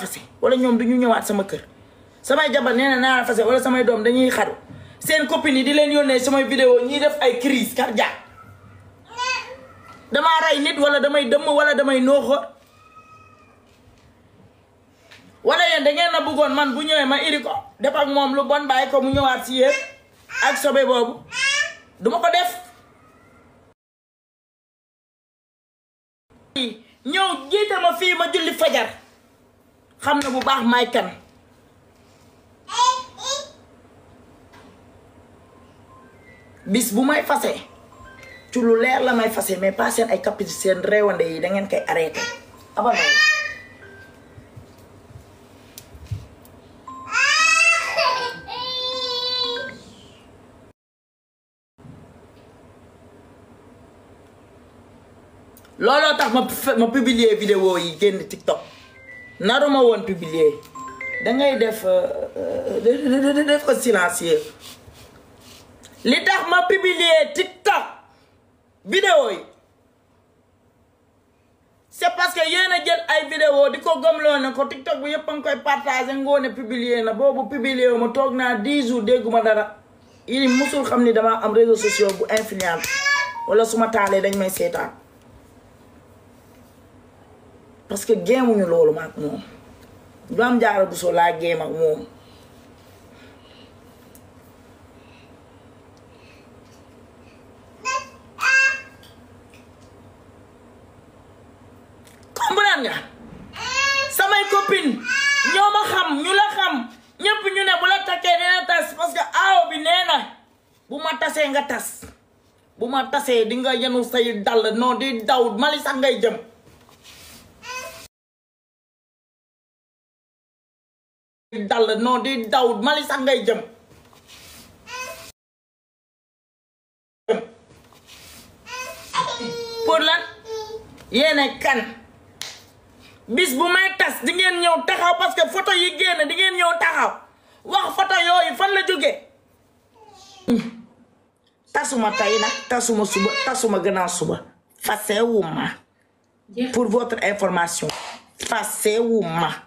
rafasé wala ñom duñu ñëwaat sama kër sama jabar néna na rafasé wala sama dom dañuy xaru seen copine yi di leen yónnee sama vidéo ñi def ay crise cardiaque dama ray nit wala damay dem wala damay noxo wala yeen da ngeen na bëggoon man bu ñëwé ma iri ko def ak mom lu bon bay ko mu ñëwaat ci yeen ak sobé bobu duma ko def ma fi ma julli fajar xam na bu baax may kan bis bu may fase ci lu leer la may fase mais pas seen ay caprice seen réewande yi da ngeen koy arrêté abal looloo tax ma ma publier yi génn TikTok naruma woon publier dangay def euh, euh, def ko silencieux li tax ma publier TikTok vidéo yi c'est parce que yéen a jël ay vidéo di ko gëmloo ne ko TikTok bi yëpp a ngi koy partagé ngoone publier na boobu publier ma toog naa 10 jours dégguma dara yi musul xam ni damaa am réseaux sociaux bu influent wala su ma taalee dañ may seetaan parce que géewuñu loolu ma ak moom du am jaara bu so la géem ak moom comprendre nga samay copine ñoo ma xam ñu la xam ñu ne bu la dina tas parce que aaw bi nee bu ma tasee nga tas bu ma tasee di nga yenu say dàll non di daw ngay jëm dal no di daw mali sax ngay jëm pour lan kan bis bu may tas di ngeen ñëw taxaw parce que photo yi génn di ngeen ñëw taxaw wax photo yooyu fan la jóge tasuma tey nag tasuma suba tasuma gannaaw suba fasewuma ya. pour votre information fasewuma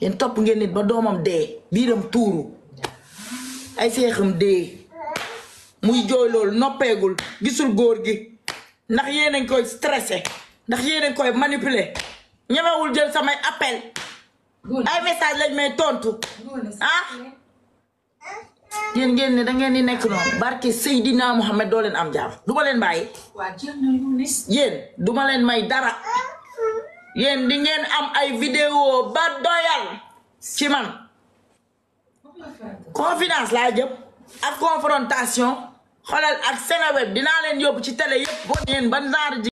yéen topp ngeen nit ba doomam dee biiram tuuru ay seexam dee muy jooy noppeegul gisul góor gi ndax yéenañ koy stressé ndax yéenañ koy manipuler ñemewul jël samay appel ay message lañ may tontu ah yéen ngeen ne da ngeen di nekk noonu barke naa Mohamed doo leen am jaar duma leen bàyyi yéen duma leen may dara yéen di ngeen am ay vidéo ba doyal ci man confidence laa jëm ak confrontation xoolal ak Seneweb dinaa leen yóbbu ci télé yëpp ba naar ji